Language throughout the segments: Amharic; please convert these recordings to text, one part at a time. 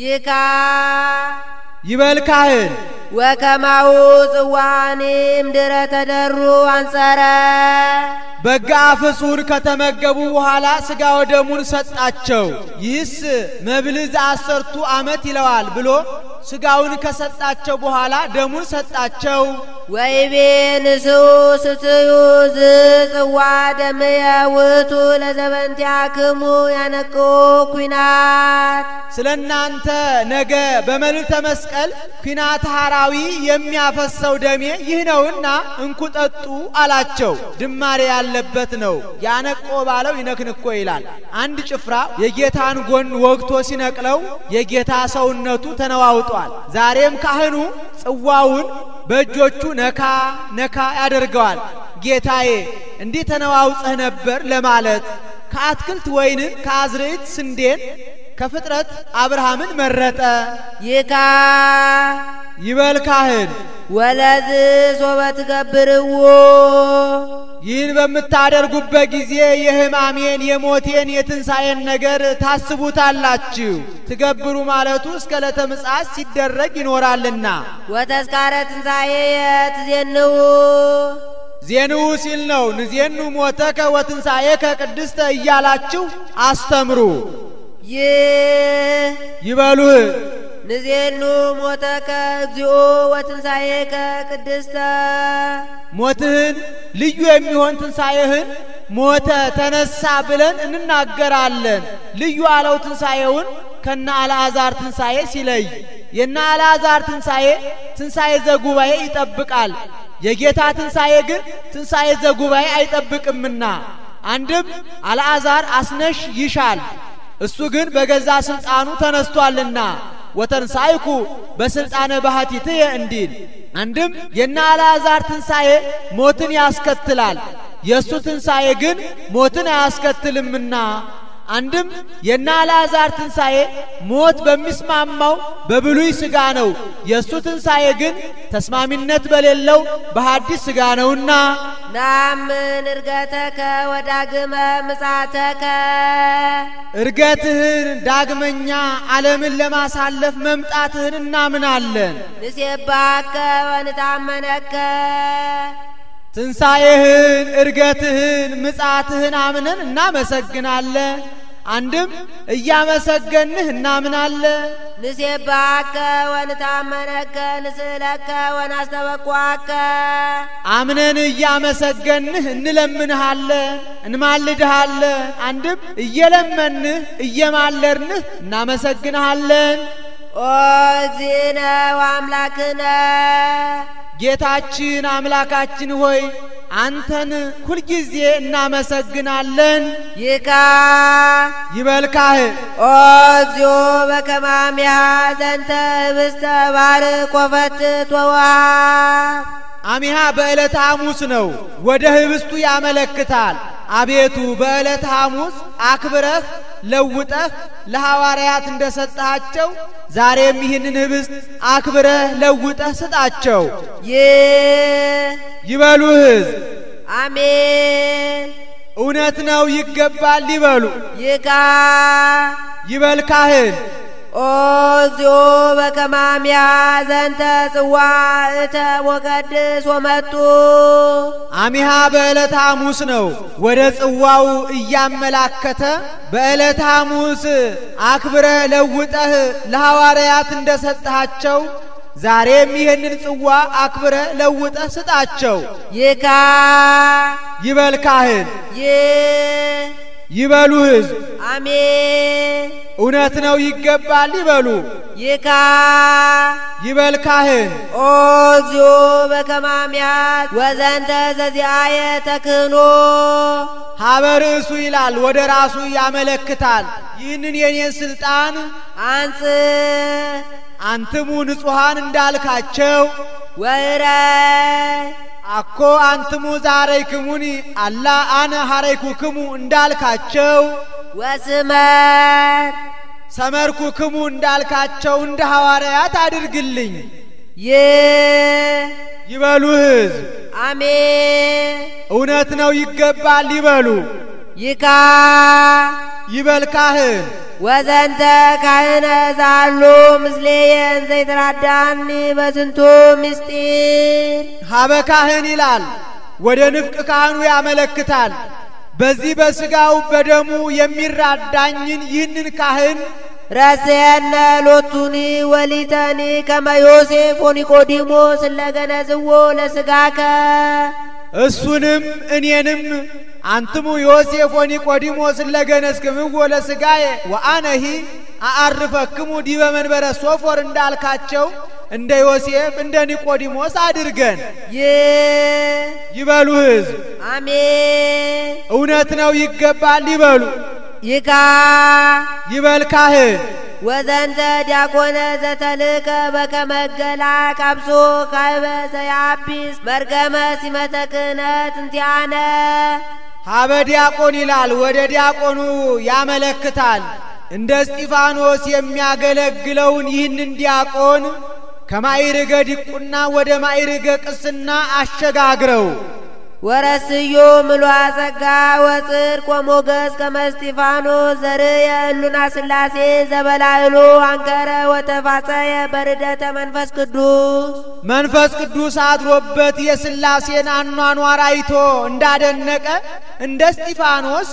ይካ ይበል ካህን ወከማሁ ጽዋኔም ድረ ተደሩ አንጸረ በጋ ፍጹር ከተመገቡ በኋላ ስጋ ወደሙን ሰጣቸው። ይህስ መብልዝ አሰርቱ አመት ይለዋል ብሎ ስጋውን ከሰጣቸው በኋላ ደሙን ሰጣቸው። ወይቤ ንስኡ ስትዩ ዝጽዋ ደምየ ለዘበንቲ አክሙ ያነቁ ኩናት። ስለ እናንተ ነገ በመልዕልተ መስቀል ኩናት ሐራዊ የሚያፈሰው ደሜ ይህ ነውና እንኩ ጠጡ አላቸው። ድማሬ ያለ ያለበት ነው። ያነቆ ባለው ይነክንኮ ይላል። አንድ ጭፍራ የጌታን ጎን ወግቶ ሲነቅለው የጌታ ሰውነቱ ተነዋውጧል። ዛሬም ካህኑ ጽዋውን በእጆቹ ነካ ነካ ያደርገዋል። ጌታዬ እንዲህ ተነዋውጸህ ነበር ለማለት ከአትክልት ወይንን ከአዝርዕት ስንዴን ከፍጥረት አብርሃምን መረጠ። ይካ ይበል ካህን ወለዝ ሶበት ገብርዎ ይህን በምታደርጉበት ጊዜ የሕማሜን የሞቴን የትንሣኤን ነገር ታስቡታላችሁ። ትገብሩ ማለቱ እስከ ዕለተ ምጽአት ሲደረግ ይኖራልና ወተስካረ ትንሣኤ የትዜንው ዜንው ሲል ነው። ንዜኑ ሞተከ ወትንሣኤ ከቅድስተ እያላችሁ አስተምሩ። ይህ ይበሉህ ንዜኑ ሞተከ እግዚኦ ቅድስተ ሞትህን ልዩ የሚሆን ትንሣኤህን ሞተ ተነሳ ብለን እንናገራለን። ልዩ አለው ትንሣኤውን ከነ አልዓዛር ትንሣኤ ሲለይ የነ አልዓዛር ትንሣኤ ትንሣኤ ዘጉባኤ ይጠብቃል። የጌታ ትንሣኤ ግን ትንሣኤ ዘጉባኤ አይጠብቅምና አንድም አልዓዛር አስነሽ ይሻል፣ እሱ ግን በገዛ ሥልጣኑ ተነስቷልና ወተንሳይኩ በስልጣነ ባህቲትየ እንዲል አንድም የነ አልዓዛር ትንሣኤ ሞትን ያስከትላል፣ የእሱ ትንሣኤ ግን ሞትን አያስከትልምና አንድም የእነ አልዓዛር ትንሣኤ ሞት በሚስማማው በብሉይ ሥጋ ነው። የእሱ ትንሣኤ ግን ተስማሚነት በሌለው በሐዲስ ሥጋ ነውና ናምን እርገተከ ወዳግመ ምጻተከ እርገትህን ዳግመኛ ዓለምን ለማሳለፍ መምጣትህን እናምናለን። ንሴባከ ወንታመነከ ትንሣኤህን፣ እርገትህን፣ ምጻትህን አምነን እናመሰግናለ። አንድም እያመሰገንህ እናምናለ። ንሴባከ ወንታመነከ ንስለከ ወናስተበቋከ አምነን እያመሰገንህ እንለምንሃለ እንማልድሃለ አንድም እየለመንህ እየማለርንህ እናመሰግንሃለን። ኦዚነ እግዝእነ ወአምላክነ ጌታችን አምላካችን ሆይ አንተን ሁልጊዜ እናመሰግናለን። ይካ ይበልካህ ኦዚዮ በከማሚያ ዘንተ ህብስተ ባርዕ ኮፈትት አሚሃ በዕለተ ሐሙስ ነው፣ ወደ ህብስቱ ያመለክታል። አቤቱ በዕለተ ሐሙስ አክብረህ ለውጠህ ለሐዋርያት እንደሰጣቸው ዛሬም ይህንን ህብስት አክብረህ ለውጠህ ስጣቸው። ይበሉ ህዝብ፣ አሜን። እውነት ነው፣ ይገባል። ይበሉ ይካ ይበል ካህን ኦዚዮ በከማሚያ ዘንተ ጽዋ እተ ወቀድስ ወመጡ አሚሃ በዕለተ ሐሙስ ነው። ወደ ጽዋው እያመላከተ በዕለት ሐሙስ አክብረ ለውጠህ ለሐዋርያት እንደሰጠሃቸው ዛሬም ይህንን ጽዋ አክብረ ለውጠ ስጣቸው። ይካ ይበልካህን ይ ይበሉ ሕዝብ አሜን። እውነት ነው ይገባል ይበሉ። ይካ ይበል ካህን ኦ እግዚኦ በከማሚያት ወዘንተ ዘዚአየ ተክህኖ ሀበ ይላል፣ ወደ ራሱ ያመለክታል። ይህንን የኔን ስልጣን አንጽ አንትሙ ንጹሐን እንዳልካቸው ወረ አኮ አንትሙ ክሙኒ አላ አነ ክሙ እንዳልካቸው ወስመር ክሙ እንዳልካቸው እንደ ሐዋርያት አድርግልኝ ይበሉ ህዝብ። አሜን። እውነት ነው ይገባል ይበሉ። ይካ ይበልካህን ወዘንተ ካህነ ዛሉ ምስሌየን ዘይትራዳኒ በስንቱ ምስጢር ሀበ ካህን ይላል። ወደ ንፍቅ ካህኑ ያመለክታል። በዚህ በስጋው በደሙ የሚራዳኝን ይህንን ካህን ረስየነ ሎቱኒ ወሊተኒ ከመ ዮሴፍ ኒቆዲሞስ እለ ገነዝዎ ለስጋከ እሱንም እኔንም አንትሙ ዮሴፍ ወኒቆዲሞስ ለገነስክምዎ ለሥጋዬ ወአነሂ አአርፈክሙ ዲበ መንበረ ሶፎር እንዳልካቸው እንደ ዮሴፍ እንደ ኒቆዲሞስ አድርገን የ ይበሉ። ሕዝብ አሜን። እውነት ነው ይገባል ይበሉ። ይካ ይበል ካህን ወዘንተ ዲያቆነ ዘተልከ በከመገላ ቀብሶ ካይበ ዘያቢስ መርገመ ሲመተክነት ክህነት እንቲአነ ሀበ ዲያቆን ይላል፣ ወደ ዲያቆኑ ያመለክታል። እንደ እስጢፋኖስ የሚያገለግለውን ይህንን ዲያቆን ከማይርገ ዲቁና ወደ ማይርገ ቅስና አሸጋግረው ወረስዮ ምሉዐ ጸጋ ወጽድቅ ወሞገስ ከመ ዘር ዘርእየ ስላሴ ዘበላይሎ አንከረ ወተፋጸየ በርደተ መንፈስ ቅዱስ መንፈስ ቅዱስ አድሮበት የስላሴን አኗኗር አይቶ እንዳደነቀ እንደ እስጢፋኖስ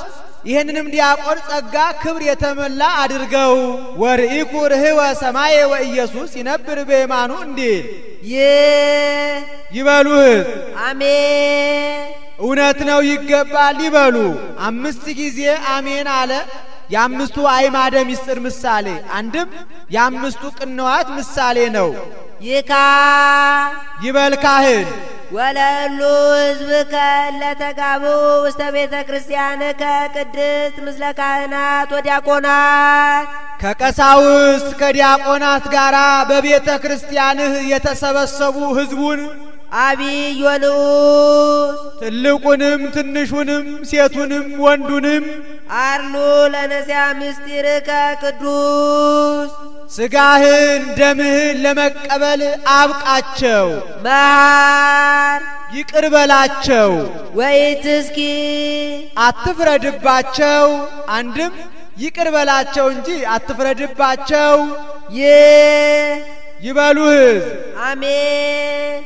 ይህንንም ዲያቆን ጸጋ ክብር የተመላ አድርገው። ወርኢኩ ርህወ ሰማየ ወኢየሱስ ይነብር በየማኑ እንዲል ይበሉህ። አሜን እውነት ነው ይገባል ይበሉ። አምስት ጊዜ አሜን አለ። የአምስቱ አይማደ ምስጢር ምሳሌ፣ አንድም የአምስቱ ቅንዋት ምሳሌ ነው። ይካ ይበል ካህን ወለሉ ህዝብ ከለተጋቡ ውስተ ቤተ ክርስቲያን ከቅድስት ምስለ ካህናት ወዲያቆናት ከቀሳውስት ከዲያቆናት ጋር በቤተ ክርስቲያንህ የተሰበሰቡ ህዝቡን አቢይ ትልቁንም ትንሹንም ሴቱንም ወንዱንም አርሉ ለነዚያ ምስጢር ከቅዱስ ስጋህን ደምህን ለመቀበል አብቃቸው መሃ ይቅር በላቸው ወይትስኪ አትፍረድባቸው። አንድም ይቅር በላቸው እንጂ አትፍረድባቸው። ይ ይበሉ ሕዝብ አሜን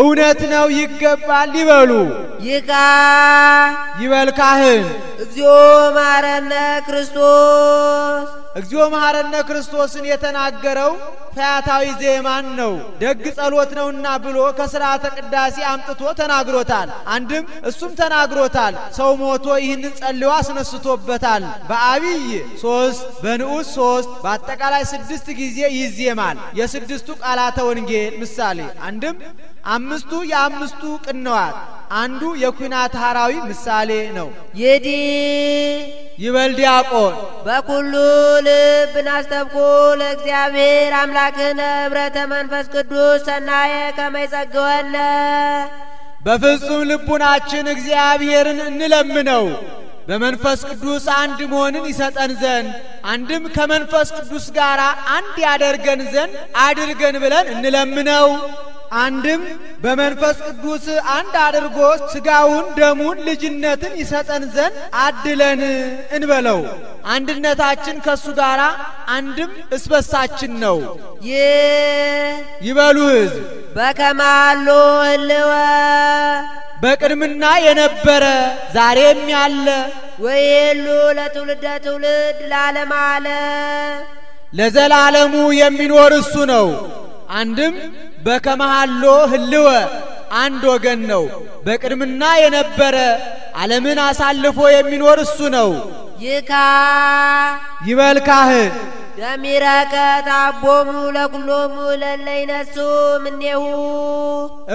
እውነት ነው ይገባል ይበሉ። ይቃ ይበል ካህን እግዚኦ ማረነ ክርስቶስ እግዚኦ ማረነ ክርስቶስን የተናገረው ፈያታዊ ዜማን ነው። ደግ ጸሎት ነውና ብሎ ከስርዓተ ቅዳሴ አምጥቶ ተናግሮታል። አንድም እሱም ተናግሮታል። ሰው ሞቶ ይህንን ጸልዮ አስነስቶበታል። በአብይ ሶስት በንዑስ ሶስት በአጠቃላይ ስድስት ጊዜ ይዜማል። የስድስቱ ቃላተ ወንጌል ምሳሌ አንድም አምስቱ የአምስቱ ቅንዋት አንዱ የኩናት ሐራዊ ምሳሌ ነው። ይዲ ይበል ዲያቆን በኩሉ ልብ ናስተብኩ ለእግዚአብሔር አምላክነ ኅብረተ መንፈስ ቅዱስ ሰናየ ከመይጸግወነ በፍጹም ልቡናችን እግዚአብሔርን እንለምነው በመንፈስ ቅዱስ አንድ መሆንን ይሰጠን ዘንድ አንድም ከመንፈስ ቅዱስ ጋር አንድ ያደርገን ዘንድ አድርገን ብለን እንለምነው። አንድም በመንፈስ ቅዱስ አንድ አድርጎ ስጋውን ደሙን ልጅነትን ይሰጠን ዘንድ አድለን እንበለው። አንድነታችን ከእሱ ጋር አንድም እስበሳችን ነው። ይበሉ ሕዝብ በከማሉ ህልወ በቅድምና የነበረ ዛሬም ያለ ወይሉ ለትውልደ ትውልድ ላለም አለ ለዘላለሙ የሚኖር እሱ ነው። አንድም በከመሃሎ ህልወ አንድ ወገን ነው። በቅድምና የነበረ ዓለምን አሳልፎ የሚኖር እሱ ነው። ይካ ይበልካህ ደሚረከ ታቦሙ ለኩሎሙ ለለይነሱ እምኔሁ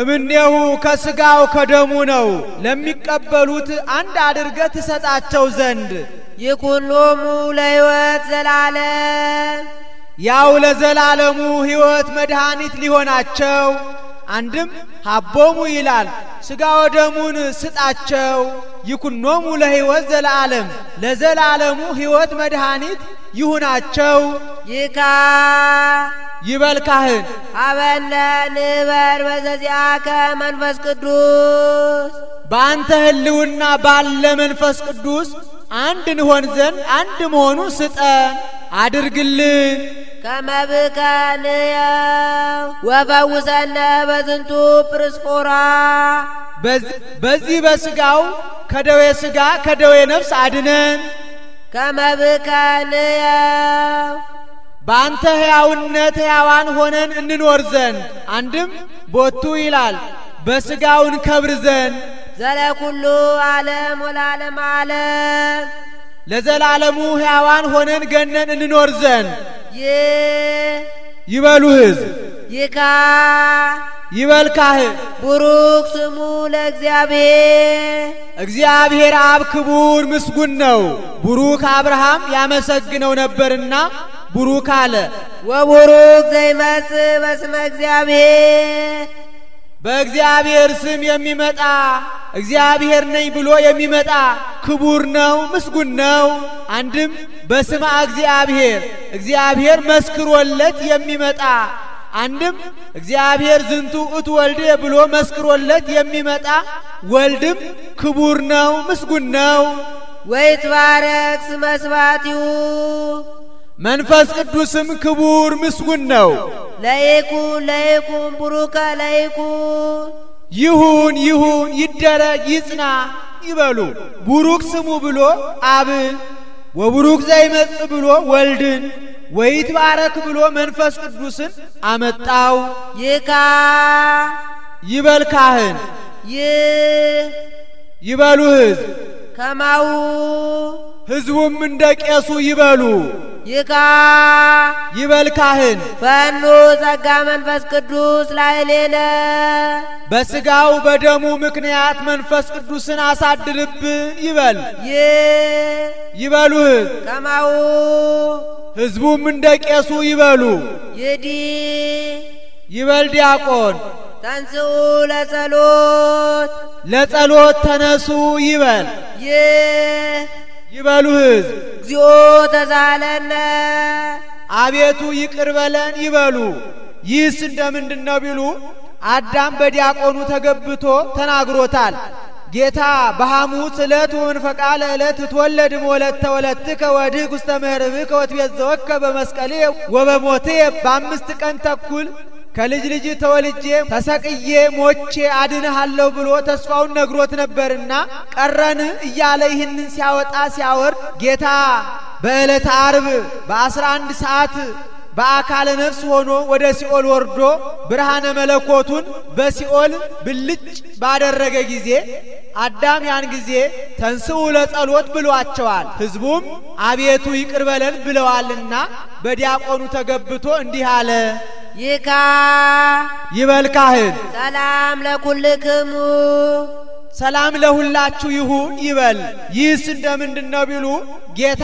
እምኔሁ ከስጋው ከደሙ ነው ለሚቀበሉት አንድ አድርገ ትሰጣቸው ዘንድ ይኩኖሙ ለሕይወት ዘላለም ያው ለዘላለሙ ሕይወት መድኃኒት ሊሆናቸው አንድም ሀቦሙ ይላል ሥጋ ወደሙን ስጣቸው ይኩኖሙ ለሕይወት ዘለዓለም ለዘላለሙ ሕይወት መድኃኒት ይሁናቸው። ይካ ይበል ካህን አበለ ንበር በዘዚአከ መንፈስ ቅዱስ በአንተ ህልውና ባለ መንፈስ ቅዱስ አንድ እንሆን ዘንድ አንድ መሆኑ ስጠን አድርግልን ከመብካንያ ወፈውሰነ በዝንቱ ጵርስጶራ በዚህ በስጋው ከደዌ ስጋ ከደዌ ነፍስ አድነን። ከመብካንያ በአንተ ሕያውነት ሕያዋን ሆነን እንኖር ዘንድ አንድም ቦቱ ይላል በስጋውን ከብር ዘንድ ዘለኩሉ ዓለም ወላለም ዓለም ለዘላለሙ ሕያዋን ሆነን ገነን እንኖር ዘንድ ይበሉ ሕዝብ ይካ ይበልካህ ቡሩክ ስሙ ለእግዚአብሔር እግዚአብሔር አብ ክቡር ምስጉን ነው። ቡሩክ አብርሃም ያመሰግነው ነበርና ቡሩክ አለ። ወቡሩክ ዘይመጽእ በስመ እግዚአብሔር በእግዚአብሔር ስም የሚመጣ እግዚአብሔር ነኝ ብሎ የሚመጣ ክቡር ነው፣ ምስጉን ነው። አንድም በስመ እግዚአብሔር እግዚአብሔር መስክሮለት የሚመጣ አንድም እግዚአብሔር ዝንቱ እት ወልድ ብሎ መስክሮለት የሚመጣ ወልድም ክቡር ነው፣ ምስጉን ነው። ወይትባረክ ስመ ስብሐቲሁ መንፈስ ቅዱስም ክቡር ምስጉን ነው። ለይኩን ለይኩን ቡሩከ ለይኩን ይሁን ይሁን ይደረግ ይጽና ይበሉ ቡሩክ ስሙ ብሎ አብን ወቡሩክ ዘይመጽ ብሎ ወልድን ወይትባረክ ብሎ መንፈስ ቅዱስን አመጣው። ይካ ይበል ካህን ይህ ይበሉ ሕዝብ ከማው ሕዝቡም እንደ ቄሱ ይበሉ። ይካ ይበል ካህን ፈኑ ጸጋ መንፈስ ቅዱስ ላይሌነ በስጋው በደሙ ምክንያት መንፈስ ቅዱስን አሳድርብን ይበል ይበሉ ሕዝብ ከማው ህዝቡም እንደ ቄሱ ይበሉ። ይዲ ይበል ዲያቆን ተንስኡ ለጸሎት ለጸሎት ተነሱ ይበል ይ ይበሉ ህዝብ እግዚኦ ተዛለለ አቤቱ ይቅር በለን ይበሉ። ይህስ እንደምንድን ነው ቢሉ አዳም በዲያቆኑ ተገብቶ ተናግሮታል። ጌታ በሐሙስ ዕለት ወመንፈቃ ለዕለት እትወለድም ወለተ ወለትከ ወድኅ ውስተ ምሕረብከ ዘወከ በመስቀልየ ወበሞቴ በአምስት ቀን ተኩል ከልጅ ልጅ ተወልጄ ተሰቅዬ ሞቼ አድንሃለሁ ብሎ ተስፋውን ነግሮት ነበርና ቀረን እያለ ይህንን ሲያወጣ ሲያወርድ ጌታ በዕለተ አርብ በአስራ አንድ ሰዓት በአካለ ነፍስ ሆኖ ወደ ሲኦል ወርዶ ብርሃነ መለኮቱን በሲኦል ብልጭ ባደረገ ጊዜ አዳም ያን ጊዜ ተንስኡ ለጸሎት ብሏቸዋል። ሕዝቡም አቤቱ ይቅር በለን ብለዋልና በዲያቆኑ ተገብቶ እንዲህ አለ። ይካ ይበል ካህን ሰላም ለኩልክሙ ሰላም ለሁላችሁ ይሁን ይበል። ይህስ እንደ ምንድነው ቢሉ ጌታ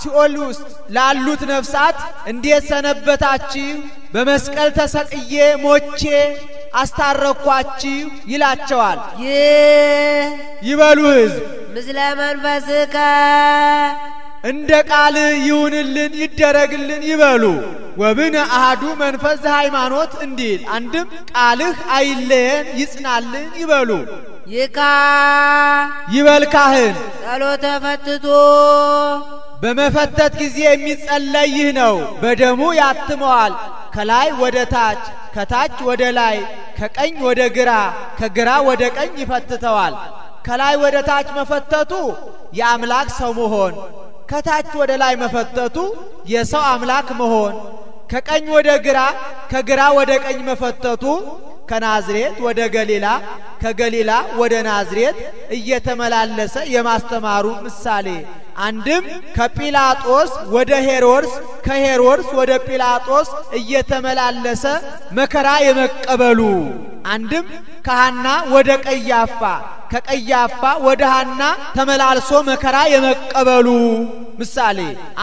ሲኦል ውስጥ ላሉት ነፍሳት እንዴት ሰነበታችሁ በመስቀል ተሰቅዬ ሞቼ አስታረኳችሁ ይላቸዋል። ይበሉ ሕዝብ ምስለ መንፈስከ እንደ ቃል ይሁንልን ይደረግልን ይበሉ። ወብን አሃዱ መንፈስ ሃይማኖት እንዲል አንድም ቃልህ አይለየን ይጽናልን ይበሉ። ይካ ይበል ካህን ጸሎተ ፈትቶ በመፈተት ጊዜ የሚጸለይ ይህ ነው። በደሙ ያትመዋል ከላይ ወደ ታች፣ ከታች ወደ ላይ፣ ከቀኝ ወደ ግራ፣ ከግራ ወደ ቀኝ ይፈትተዋል። ከላይ ወደ ታች መፈተቱ የአምላክ ሰው መሆን፣ ከታች ወደ ላይ መፈተቱ የሰው አምላክ መሆን፣ ከቀኝ ወደ ግራ፣ ከግራ ወደ ቀኝ መፈተቱ ከናዝሬት ወደ ገሊላ፣ ከገሊላ ወደ ናዝሬት እየተመላለሰ የማስተማሩ ምሳሌ አንድም ከጲላጦስ ወደ ሄሮድስ ከሄሮድስ ወደ ጲላጦስ እየተመላለሰ መከራ የመቀበሉ አንድም ከሐና ወደ ቀያፋ ከቀያፋ ወደ ሃና ተመላልሶ መከራ የመቀበሉ ምሳሌ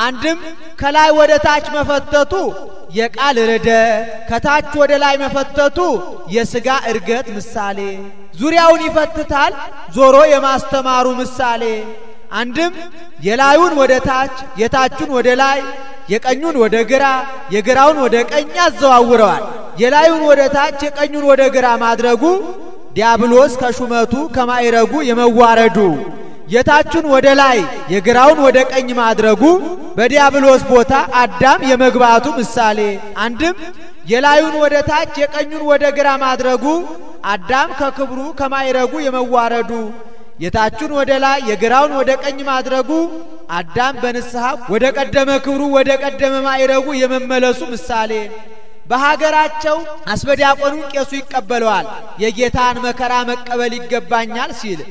አንድም ከላይ ወደ ታች መፈተቱ የቃል ርደት ከታች ወደ ላይ መፈተቱ የስጋ እርገት ምሳሌ ዙሪያውን ይፈትታል ዞሮ የማስተማሩ ምሳሌ አንድም የላዩን ወደ ታች፣ የታቹን ወደ ላይ፣ የቀኙን ወደ ግራ፣ የግራውን ወደ ቀኝ አዘዋውረዋል። የላዩን ወደ ታች፣ የቀኙን ወደ ግራ ማድረጉ ዲያብሎስ ከሹመቱ ከማይረጉ የመዋረዱ የታቹን ወደ ላይ የግራውን ወደ ቀኝ ማድረጉ በዲያብሎስ ቦታ አዳም የመግባቱ ምሳሌ። አንድም የላዩን ወደ ታች የቀኙን ወደ ግራ ማድረጉ አዳም ከክብሩ ከማይረጉ የመዋረዱ የታቹን ወደ ላይ የግራውን ወደ ቀኝ ማድረጉ አዳም በንስሐ ወደ ቀደመ ክብሩ ወደ ቀደመ ማዕረጉ የመመለሱ ምሳሌ። በሀገራቸው አስበዲያቆኑን ቄሱ ይቀበለዋል። የጌታን መከራ መቀበል ይገባኛል ሲል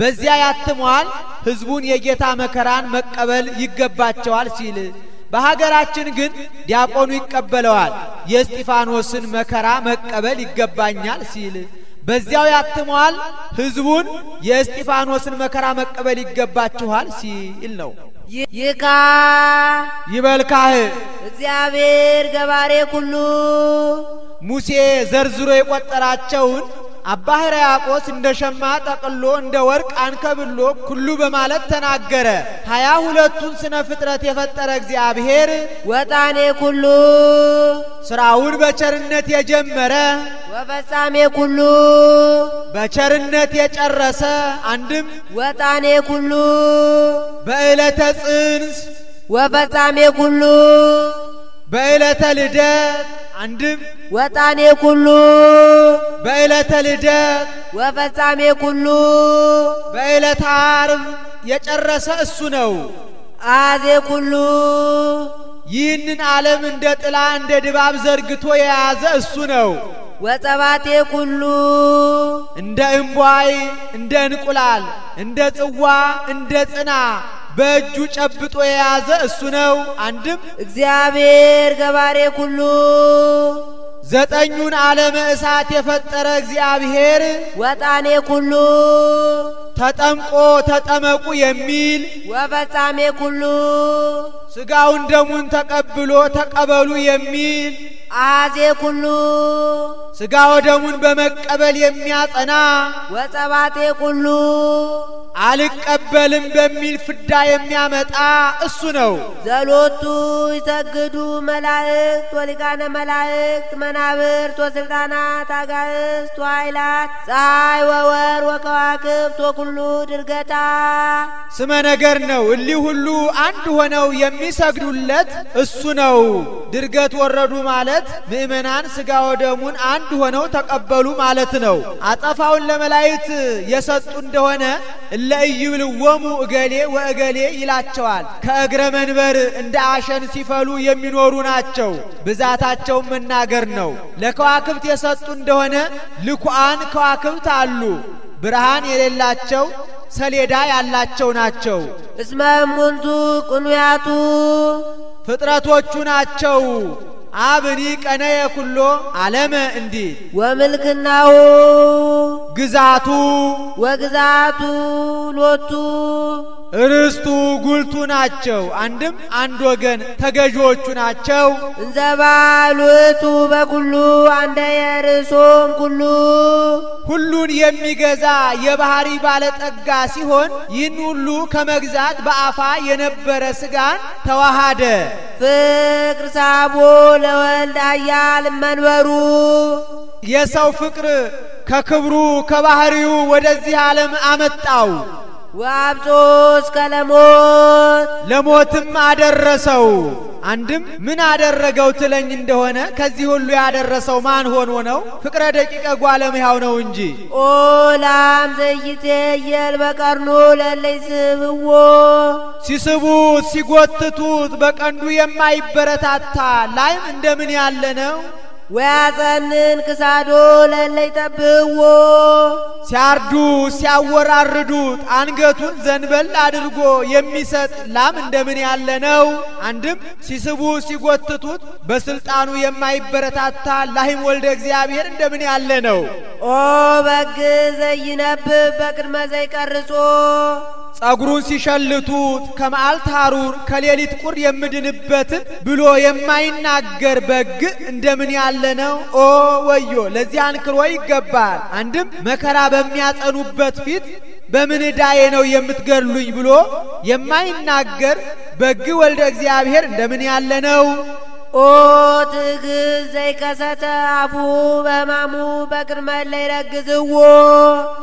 በዚያ ያትመዋል። ሕዝቡን የጌታ መከራን መቀበል ይገባቸዋል ሲል በሀገራችን ግን ዲያቆኑ ይቀበለዋል። የእስጢፋኖስን መከራ መቀበል ይገባኛል ሲል በዚያው ያትመዋል። ህዝቡን የእስጢፋኖስን መከራ መቀበል ይገባችኋል ሲል ነው። ይካ ይበልካህ እግዚአብሔር ገባሬ ሁሉ ሙሴ ዘርዝሮ የቆጠራቸውን አባ ሕርያቆስ እንደ ሸማ ጠቅሎ እንደ ወርቅ አንከብሎ ኩሉ በማለት ተናገረ። ሀያ ሁለቱን ስነ ፍጥረት የፈጠረ እግዚአብሔር ወጣኔ ኩሉ ስራውን በቸርነት የጀመረ ወፈጻሜ ኩሉ በቸርነት የጨረሰ አንድም ወጣኔ ኩሉ በእለተ ጽንስ ወፈጻሜ ኩሉ በዕለተ ልደት አንድም ወጣኔ ኩሉ በዕለተ ልደት ወፈጻሜ ኩሉ በዕለተ አርብ የጨረሰ እሱ ነው። አዜ ኩሉ ይህንን ዓለም እንደ ጥላ እንደ ድባብ ዘርግቶ የያዘ እሱ ነው። ወጸባቴ ኩሉ እንደ እምቧይ እንደ እንቁላል እንደ ጽዋ እንደ ጽና በእጁ ጨብጦ የያዘ እሱ ነው። አንድም እግዚአብሔር ገባሬ ኩሉ ዘጠኙን ዓለመ እሳት የፈጠረ እግዚአብሔር ወጣኔ ኩሉ ተጠምቆ ተጠመቁ የሚል ወፈጻሜ ኩሉ ስጋውን ደሙን ተቀብሎ ተቀበሉ የሚል አዜ ኩሉ ስጋ ወደሙን በመቀበል የሚያጸና ወጸባቴ ኩሉ አልቀበልም በሚል ፍዳ የሚያመጣ እሱ ነው። ዘሎቱ ይሰግዱ መላእክት ወሊቃነ መላእክት መናብርት ወስልጣናት አጋእስት ወኃይላት ፀሐይ ወወር ወከዋክብት ወኩሉ ድርገታ ስመ ነገር ነው። እሊህ ሁሉ አንድ ሆነው የሚሰግዱለት እሱ ነው። ድርገት ወረዱ ማለት ምእመናን ስጋ ወደሙን አንድ ሆነው ተቀበሉ ማለት ነው። አጠፋውን ለመላእክት የሰጡ እንደሆነ እለ ኢይብልዎሙ እገሌ ወእገሌ ይላቸዋል። ከእግረ መንበር እንደ አሸን ሲፈሉ የሚኖሩ ናቸው። ብዛታቸውን መናገር ነው። ለከዋክብት የሰጡ እንደሆነ ልኩአን ከዋክብት አሉ፣ ብርሃን የሌላቸው ሰሌዳ ያላቸው ናቸው። እስመ እሙንቱ ቁንያቱ ፍጥረቶቹ ናቸው። አብኒ ቀነየ ኩሎ አለመ እንዲ ወምልክናሁ ግዛቱ ወግዛቱ ሎቱ ርስቱ ጉልቱ ናቸው። አንድም አንድ ወገን ተገዢዎቹ ናቸው። እንዘባሉቱ በኩሉ አንደ የርሶም ኩሉ ሁሉን የሚገዛ የባህሪ ባለጠጋ ሲሆን ይህን ሁሉ ከመግዛት በአፋ የነበረ ስጋን ተዋሃደ። ፍቅር ሳቦ ለወልድ አያል መንበሩ የሰው ፍቅር ከክብሩ ከባህሪው ወደዚህ ዓለም አመጣው። ወአብጾ እስከ ለሞት ለሞትም አደረሰው። አንድም ምን አደረገው ትለኝ እንደሆነ ከዚህ ሁሉ ያደረሰው ማን ሆኖ ነው? ፍቅረ ደቂቀ ጓለምያው ነው እንጂ። ኦ ላም የል በቀርኑ ለለይ ስብዎ ሲስቡት ሲጎትቱት በቀንዱ የማይበረታታ ላይም እንደምን ያለ ነው ወያጸንን ክሳዶ ለለይጠብዎ ሲያርዱ ሲያወራርዱት አንገቱን ዘንበል አድርጎ የሚሰጥ ላም እንደምን ያለ ነው? አንድም ሲስቡ ሲጎትቱት በስልጣኑ የማይበረታታ ላህም ወልደ እግዚአብሔር እንደምን ያለ ነው? ኦ በግ ዘይነብብ በቅድመ ዘይቀርጾ ጸጉሩን ሲሸልቱት ከመዓልት ሐሩር ከሌሊት ቁር የምድንበት ብሎ የማይናገር በግ እንደምን ያለ ነው! ኦ ወዮ! ለዚህ አንክሮ ይገባል። አንድም መከራ በሚያጸኑበት ፊት በምን ዕዳዬ ነው የምትገድሉኝ ብሎ የማይናገር በግ ወልደ እግዚአብሔር እንደምን ያለ ነው! ኦ ትዕግዝ ዘይከሰተ አፉ በማሙ በቅድመት ለይረግዝዎ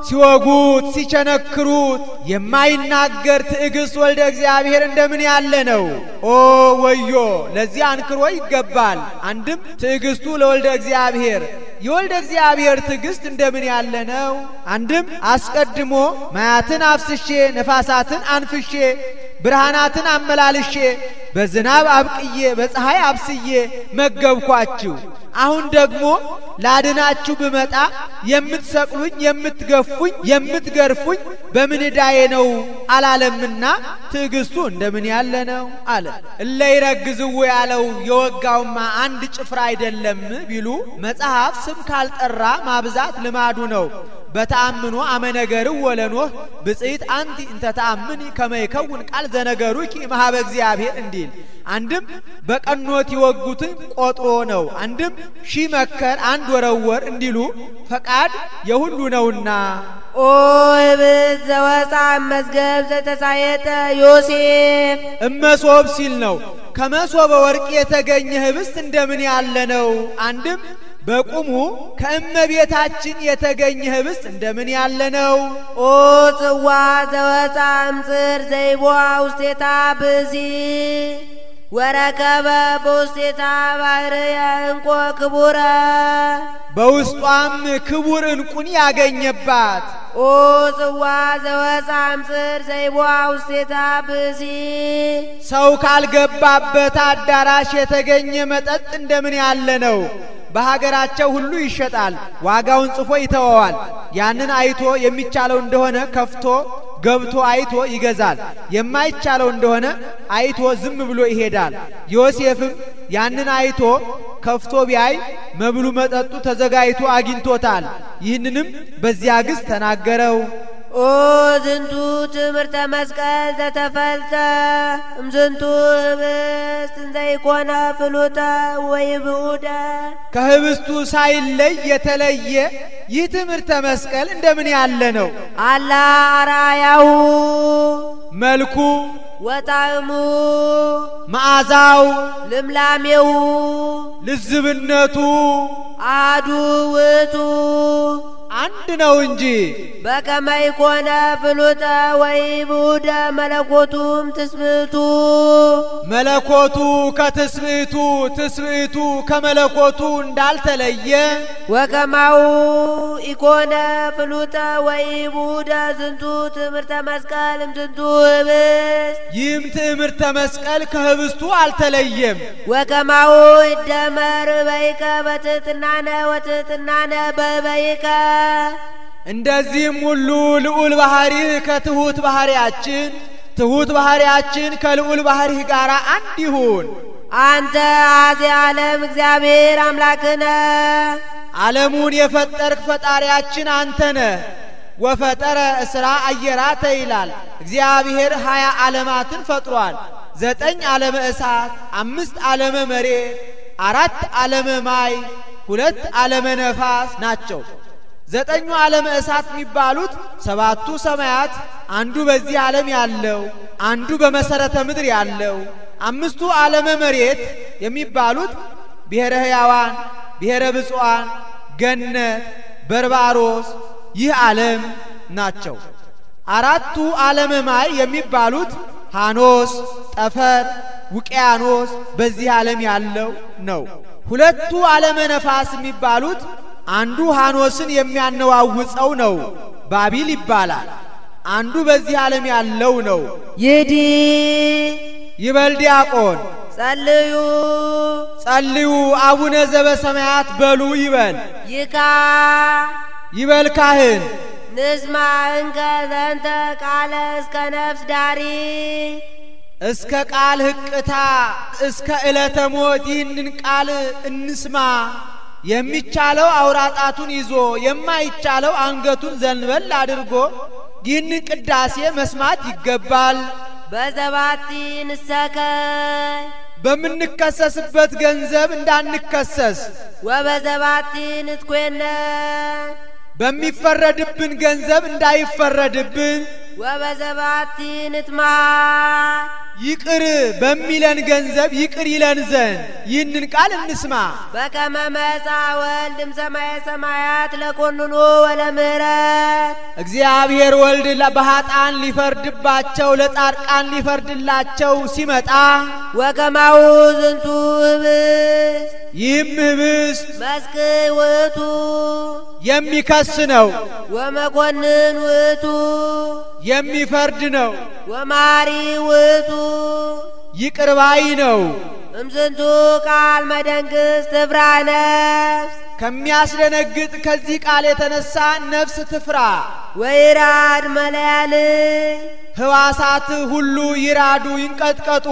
ሲወጉት ሲቸነክሩት የማይናገር ትዕግስት ወልደ እግዚአብሔር እንደምን ያለ ነው። ኦ ወዮ ለዚህ አንክሮ ይገባል። አንድም ትዕግስቱ ለወልደ እግዚአብሔር የወልደ እግዚአብሔር ትዕግስት እንደምን ያለ ነው። አንድም አስቀድሞ ማያትን አፍስሼ ነፋሳትን አንፍሼ ብርሃናትን አመላልሼ በዝናብ አብቅዬ በፀሐይ አብስዬ መገብኳችሁ። አሁን ደግሞ ላድናችሁ ብመጣ የምትሰቅሉኝ፣ የምትገፉኝ፣ የምትገርፉኝ ዕዳዬ ነው አላለምና ትዕግስቱ እንደምን ያለ ነው አለ። እለ ያለው የወጋውማ አንድ ጭፍራ አይደለም ቢሉ መጽሐፍ ስም ካልጠራ ማብዛት ልማዱ ነው። በተአምኖ አመነገር ወለኖህ ብጽይት አንቲ እንተ ተአምን ከመይከውን ቃል ዘነገሩኪ መሀበ እግዚአብሔር እንዲል አንድም በቀኖት ይወጉትን ቆጥሮ ነው። አንድም ሺ መከር አንድ ወረወር እንዲሉ ፈቃድ የሁሉ ነውና ኦ ይብት ዘወፃ መዝገብ ዘተሳየጠ ዮሴፍ እመሶብ ሲል ነው። ከመሶበ ወርቅ የተገኘ ህብስት እንደምን ያለ ነው። አንድም በቁሙ ከእመቤታችን የተገኘ ህብስት እንደምን ያለ ነው? ኦ ጽዋ ዘወፃ እምፅር ዘይቦ ውስቴታ ብዚ ወረከበ በውስቴታ ባሕርየ እንቆ ክቡረ በውስጧም ክቡር እንቁን ያገኘባት ኦ ጽዋ ዘወፃ እምፅር ዘይቧ ውስቴታ ብዚ ሰው ካልገባበት አዳራሽ የተገኘ መጠጥ እንደምን ያለ ነው? በሀገራቸው ሁሉ ይሸጣል፣ ዋጋውን ጽፎ ይተወዋል። ያንን አይቶ የሚቻለው እንደሆነ ከፍቶ ገብቶ አይቶ ይገዛል። የማይቻለው እንደሆነ አይቶ ዝም ብሎ ይሄዳል። ዮሴፍም ያንን አይቶ ከፍቶ ቢያይ መብሉ መጠጡ ተዘጋጅቶ አግኝቶታል። ይህንንም በዚያ ግስ ተናገረው። ኦ ዝንቱ ትምህርተ መስቀል ተተፈልተ እምዝንቱ ህብስት እንዘይኮነ ፍሉተ ወይ ብኡደ ከህብስቱ ሳይለይ የተለየ ይህ ትምህርተ መስቀል እንደምን ያለ ነው? አላ መልኩ ወጣዕሙ መዓዛው ልምላሜው ልዝብነቱ አዱ አንድ ነው እንጂ በከመ ይኮነ ፍሉጠ ወይብኡደ መለኮቱም ትስብእቱ መለኮቱ ከትስብእቱ ትስብእቱ ከመለኮቱ እንዳልተለየ ወከማው ኢኮነ ፍሉጠ ወይብኡደ ዝንቱ ትምህርተ መስቀል እምዝንቱ ህብስት ይህም ትምህርተ መስቀል ከህብስቱ አልተለየም። ወከማው ይደመር በይከ በትሕትናነ ወትሕትናነ በበይከ እንደዚህም ሁሉ ልዑል ባህሪህ ከትሑት ባህሪያችን ትሑት ባህሪያችን ከልዑል ባህሪ ጋር አንድ ይሁን። አንተ አዚ ዓለም እግዚአብሔር አምላክነ ዓለሙን የፈጠርክ ፈጣሪያችን አንተ ነ ወፈጠረ እስራ አየራተ ይላል። እግዚአብሔር ሀያ ዓለማትን ፈጥሯል። ዘጠኝ ዓለመ እሳት፣ አምስት ዓለመ መሬት፣ አራት ዓለመ ማይ፣ ሁለት ዓለመ ነፋስ ናቸው። ዘጠኙ ዓለመ እሳት የሚባሉት ሰባቱ ሰማያት፣ አንዱ በዚህ ዓለም ያለው፣ አንዱ በመሰረተ ምድር ያለው፣ አምስቱ ዓለመ መሬት የሚባሉት ብሔረ ሕያዋን፣ ብሔረ ብፁዓን፣ ገነት፣ በርባሮስ ይህ ዓለም ናቸው። አራቱ ዓለመ ማይ የሚባሉት ሃኖስ፣ ጠፈር፣ ውቅያኖስ በዚህ ዓለም ያለው ነው። ሁለቱ ዓለመ ነፋስ የሚባሉት አንዱ ሃኖስን የሚያነዋውፀው ነው፣ ባቢል ይባላል። አንዱ በዚህ ዓለም ያለው ነው፣ ይዲ ይበል ዲያቆን። ጸልዩ ጸልዩ አቡነ ዘበሰማያት በሉ ይበል ይካ ይበል ካህን ንዝማ እንከ ዘንተ ቃለ እስከ ነፍስ ዳሪ እስከ ቃል ህቅታ እስከ ዕለተ ሞት ይህንን ቃል እንስማ። የሚቻለው አውራጣቱን ይዞ የማይቻለው አንገቱን ዘንበል አድርጎ ይህንን ቅዳሴ መስማት ይገባል። በዘባቲ ንሰከ በምንከሰስበት ገንዘብ እንዳንከሰስ፣ ወበዘባቲ ንትኮነ በሚፈረድብን ገንዘብ እንዳይፈረድብን፣ ወበዘባቲ ንትማ ይቅር በሚለን ገንዘብ ይቅር ይለን ዘንድ ይህንን ቃል እንስማ። በከመ መጻ ወልድ እምሰማየ ሰማያት ለኮንኑ ወለምህረት እግዚአብሔር ወልድ በኃጥአን ሊፈርድባቸው ለጻድቃን ሊፈርድላቸው ሲመጣ ወከማው ዝንቱ ህብስ ይህም ህብስ መስቅ ውእቱ የሚከስ ነው። ወመኮንን ውእቱ የሚፈርድ ነው። ወማሪ ውእቱ ይቅር ባይ ነው። እምዝንቱ ቃል መደንግስ ትፍራ ነፍስ ከሚያስደነግጥ ከዚህ ቃል የተነሳ ነፍስ ትፍራ። ወይራድ መለያል ህዋሳት ሁሉ ይራዱ ይንቀጥቀጡ።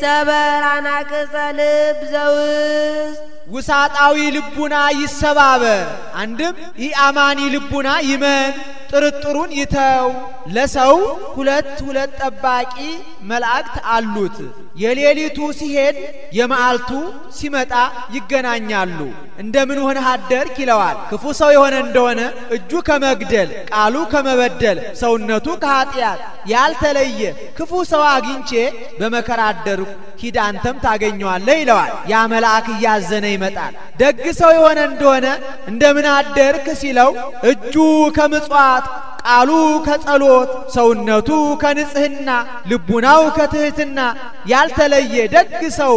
ሰበር አናቅጸ ልብ ዘውስጥ ውሳጣዊ ልቡና ይሰባበር። አንድም ኢአማኒ ልቡና ይመን ጥርጥሩን ይተው ለሰው ሁለት ሁለት ጠባቂ መላእክት አሉት። የሌሊቱ ሲሄድ የመዓልቱ ሲመጣ ይገናኛሉ። እንደምን ሆነ አደርክ ይለዋል። ክፉ ሰው የሆነ እንደሆነ እጁ ከመግደል ቃሉ ከመበደል ሰውነቱ ከኃጢአት ያልተለየ ክፉ ሰው አግኝቼ በመከራ አደርኩ፣ ሂድ አንተም ታገኘዋለህ ይለዋል። ያ መልአክ እያዘነ ይመጣል። ደግ ሰው የሆነ እንደሆነ እንደምን አደርክ ሲለው እጁ ከምጽዋት ቃሉ ከጸሎት ሰውነቱ ከንጽህና ልቡና ያው ከትህትና ያልተለየ ደግ ሰው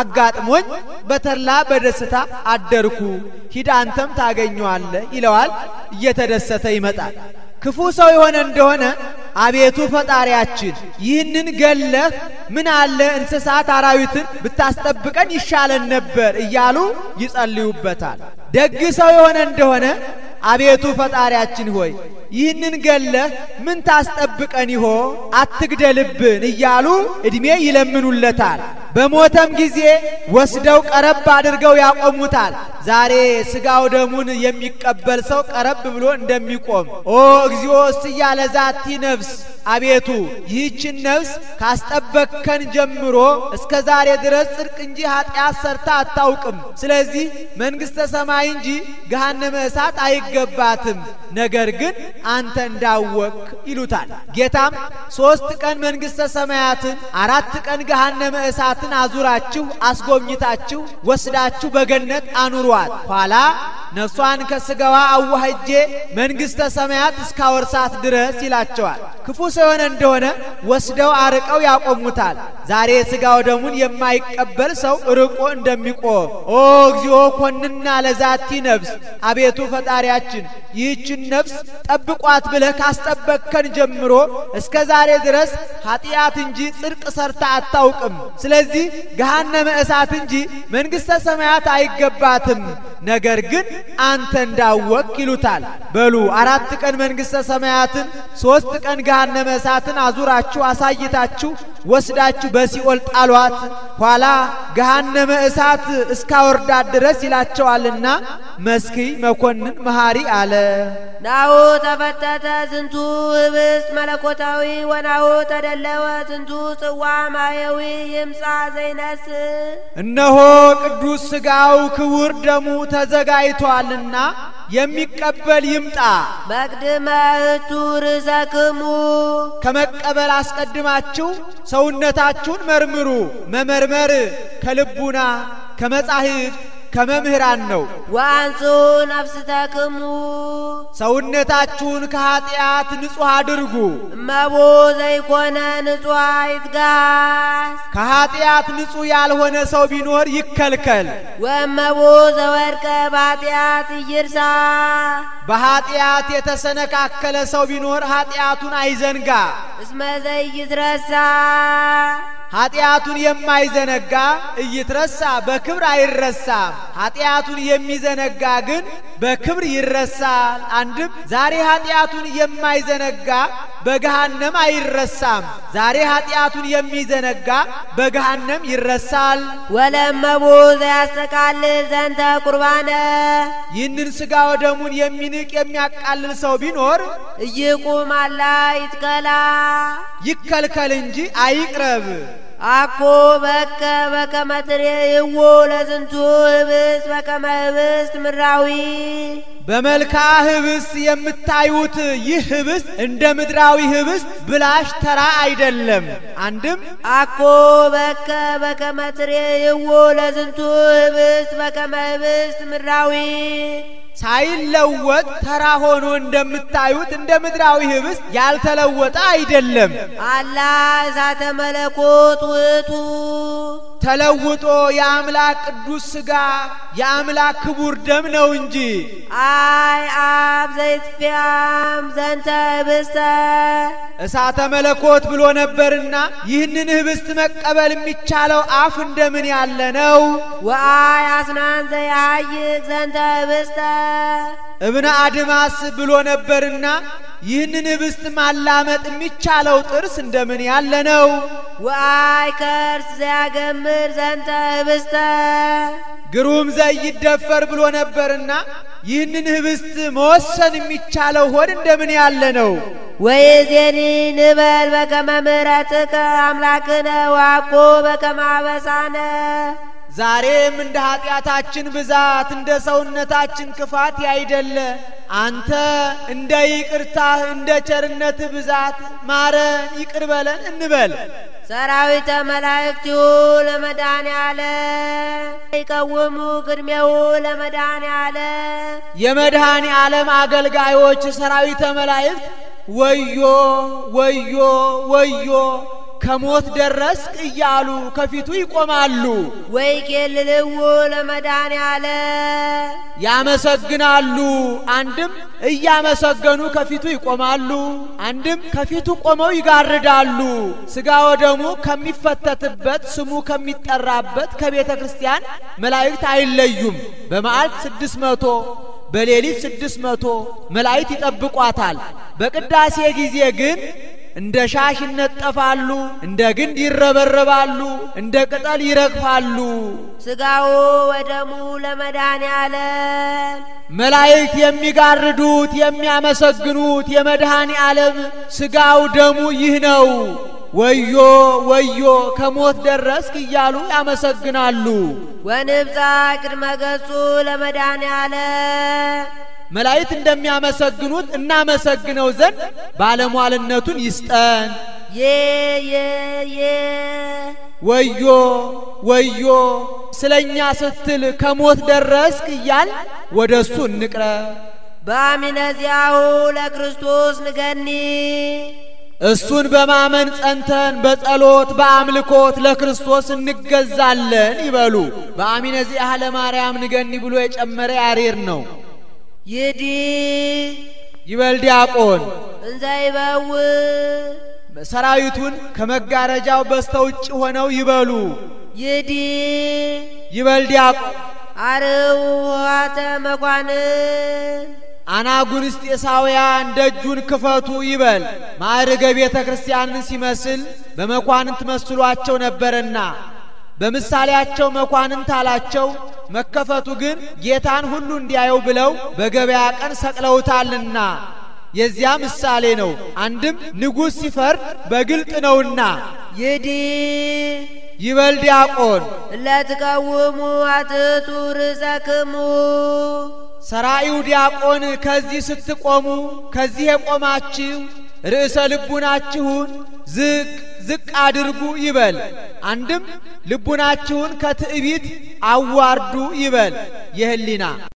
አጋጥሞኝ በተድላ በደስታ አደርኩ፣ ሂድ አንተም ይለዋል። እየተደሰተ ይመጣል። ክፉ ሰው የሆነ እንደሆነ አቤቱ ፈጣሪያችን ይህንን ገለህ ምን አለ እንስሳት አራዊትን ብታስጠብቀን ይሻለን ነበር እያሉ ይጸልዩበታል። ደግ ሰው የሆነ እንደሆነ አቤቱ ፈጣሪያችን ሆይ ይህንን ገለህ ምን ታስጠብቀን ይሆ አትግደልብን እያሉ ዕድሜ ይለምኑለታል። በሞተም ጊዜ ወስደው ቀረብ አድርገው ያቆሙታል። ዛሬ ስጋው ደሙን የሚቀበል ሰው ቀረብ ብሎ እንደሚቆም ኦ እግዚኦ እስያ ለዛቲ ነፍስ አቤቱ ይህችን ነፍስ ካስጠበቅከን ጀምሮ እስከ ዛሬ ድረስ ጽድቅ እንጂ ኃጢአት ሰርታ አታውቅም። ስለዚህ መንግሥተ ሰማይ እንጂ ገሃነመ እሳት አይገ አይገባትም፣ ነገር ግን አንተ እንዳወቅ ይሉታል። ጌታም ሦስት ቀን መንግሥተ ሰማያትን አራት ቀን ገሃነመ እሳትን አዙራችሁ አስጎብኝታችሁ ወስዳችሁ በገነት አኑሯት ኋላ ነፍሷን ከስጋዋ አዋህጄ መንግሥተ ሰማያት እስካወርሳት ድረስ ይላቸዋል። ክፉ ሰው የሆነ እንደሆነ ወስደው አርቀው ያቆሙታል። ዛሬ ስጋው ደሙን የማይቀበል ሰው ርቆ እንደሚቆም ኦ እግዚኦ ኮንና ለዛቲ ነፍስ፣ አቤቱ ፈጣሪያችን ይህችን ነፍስ ጠብቋት ብለህ ካስጠበቅከን ጀምሮ እስከ ዛሬ ድረስ ኃጢአት እንጂ ጽድቅ ሰርታ አታውቅም። ስለዚህ ገሃነመ እሳት እንጂ መንግሥተ ሰማያት አይገባትም። ነገር ግን አንተ እንዳወቅ ይሉታል። በሉ አራት ቀን መንግሥተ ሰማያትን ሦስት ቀን ገሃነመ እሳትን አዙራችሁ አሳይታችሁ ወስዳችሁ በሲኦል ጣሏት፣ ኋላ ገሃነመ እሳት እስካወርዳት ድረስ ይላቸዋልና መስኪ መኮንን መሐሪ አለ። ናሁ ተፈተተ ዝንቱ ህብስት መለኮታዊ ወናሁ ተደለወ ዝንቱ ጽዋ ማየዊ ይምጻ ዘይነስ እነሆ ቅዱስ ሥጋው ክቡር ደሙ ተዘጋጅቷል። ተቀብሏልና የሚቀበል ይምጣ። መቅድመ እቱ ከመቀበል አስቀድማችሁ ሰውነታችሁን መርምሩ። መመርመር ከልቡና ከመጻሕፍት ከመምህራን ነው። ወአንጹን አፍስታክሙ ሰውነታችሁን ከኀጢአት ንጹሕ አድርጉ። እመቦ ዘይኮነ ንጹሕ ይትጋስ ከኀጢአት ንጹሕ ያልሆነ ሰው ቢኖር ይከልከል። ወእመቦ ዘወድቀ በኀጢአት ይርሳ በኀጢአት የተሰነካከለ ሰው ቢኖር ኀጢአቱን አይዘንጋ። እስመ ዘይትረሳ ኃጢአቱን የማይዘነጋ እይትረሳ በክብር አይረሳም። ኃጢአቱን የሚዘነጋ ግን በክብር ይረሳል። አንድም ዛሬ ኃጢአቱን የማይዘነጋ በገሃነም አይረሳም። ዛሬ ኃጢአቱን የሚዘነጋ በገሃነም ይረሳል። ወለመቡ ዘያስተቃልል ዘንተ ቁርባነ ይህንን ስጋ ወደሙን የሚንቅ የሚያቃልል ሰው ቢኖር እይቁም አላ ይትቀላ ይከልከል እንጂ አይቅረብ። አኮ በከ በከመ እዎ ለዝንቱ ህብስት በከመ ህብስት ምድራዊ በመልክዓ ህብስት የምታዩት ይህ ህብስት እንደ ምድራዊ ህብስት ብላሽ ተራ አይደለም። አንድም አኮ በከ በከመ እዎ ለዝንቱ ህብስት በከመ ህብስት ምድራዊ ሳይለወጥ ተራ ሆኖ እንደምታዩት እንደ ምድራዊ ህብስት ያልተለወጠ አይደለም። አላ እሳተ መለኮት ውእቱ ተለውጦ የአምላክ ቅዱስ ሥጋ የአምላክ ክቡር ደም ነው እንጂ። አይ አብ ዘይትፊያም ዘንተ ህብስተ እሳተ መለኮት ብሎ ነበርና ይህንን ህብስት መቀበል የሚቻለው አፍ እንደምን ያለ ነው። ወአይ አስናን ዘይሃይቅ ዘንተ ህብስተ እብነ አድማስ ብሎ ነበርና ይህንን ህብስት ማላመጥ የሚቻለው ጥርስ እንደምን ያለ ነው? ዋይ ከርስ ዘያገምር ዘንተ ህብስተ ግሩም ዘይደፈር ብሎ ነበርና ይህንን ህብስት መወሰን የሚቻለው ሆድ እንደምን ያለ ነው? ዜኒ ንበል በከመ ምሕረትከ አምላክነ ዋቆ በከመ አበሳነ። ዛሬም እንደ ኃጢአታችን ብዛት እንደ ሰውነታችን ክፋት ያይደለ አንተ እንደ ይቅርታህ እንደ ቸርነት ብዛት ማረን፣ ይቅር በለን እንበል። ሰራዊተ መላእክቲሁ ለመድኃኔ ዓለም ይቀውሙ ቅድሜሁ ለመድኃኔ ዓለም። የመድኃኔ ዓለም አገልጋዮች ሰራዊተ መላእክት ወዮ ወዮ ወዮ ከሞት ደረስክ እያሉ ከፊቱ ይቆማሉ። ወይ ኬልልው ለመዳን ያለ ያመሰግናሉ። አንድም እያመሰገኑ ከፊቱ ይቆማሉ፣ አንድም ከፊቱ ቆመው ይጋርዳሉ። ሥጋ ወደሙ ከሚፈተትበት ስሙ ከሚጠራበት ከቤተ ክርስቲያን መላእክት አይለዩም። በመዓልት ስድስት መቶ በሌሊት ስድስት መቶ መላእክት ይጠብቋታል። በቅዳሴ ጊዜ ግን እንደ ሻሽ ይነጠፋሉ፣ እንደ ግንድ ይረበረባሉ፣ እንደ ቅጠል ይረግፋሉ። ሥጋው ወደሙ ለመድኃኔ ዓለም መላእክት የሚጋርዱት የሚያመሰግኑት የመድኃኔ ዓለም ስጋው ደሙ ይህ ነው። ወዮ ወዮ ከሞት ደረስክ እያሉ ያመሰግናሉ። ወንብዛ ቅድመ ገጹ ለመድኃኔ ዓለም መላእክት እንደሚያመሰግኑት እናመሰግነው ዘንድ ባለሟልነቱን ይስጠን። የየየ ወዮ ወዮ ስለኛ ስትል ከሞት ደረስክ እያል ወደ እሱ እንቅረብ። ለክርስቶስ ንገኒ እሱን በማመን ጸንተን በጸሎት በአምልኮት ለክርስቶስ እንገዛለን ይበሉ። በአሚነ ለማርያም ንገኒ ብሎ የጨመረ ያሬድ ነው። ይዲ ይበል ዲያቆን እንዛ ይበው ሰራዊቱን ከመጋረጃው በስተውጭ ሆነው ይበሉ። ይዲ ይበል ዲያቆን አርው ውሃተ መኳንን አናጉንስጢሳውያን ደጁን ክፈቱ ይበል። ማዕርገ ቤተ ክርስቲያንን ሲመስል በመኳንንት መስሏቸው ነበርና በምሳሌያቸው መኳንንት አላቸው። መከፈቱ ግን ጌታን ሁሉ እንዲያየው ብለው በገበያ ቀን ሰቅለውታልና የዚያ ምሳሌ ነው። አንድም ንጉሥ ሲፈርድ በግልጥ ነውና ይዲ ይበል ዲያቆን ለትቀውሙ አትቱ ርእሳክሙ ሰራዩ ዲያቆን ከዚህ ስትቆሙ ከዚህ የቆማችሁ ርዕሰ ልቡናችሁን ዝቅ ዝቅ አድርጉ ይበል። አንድም ልቡናችሁን ከትዕቢት አዋርዱ ይበል። የህሊና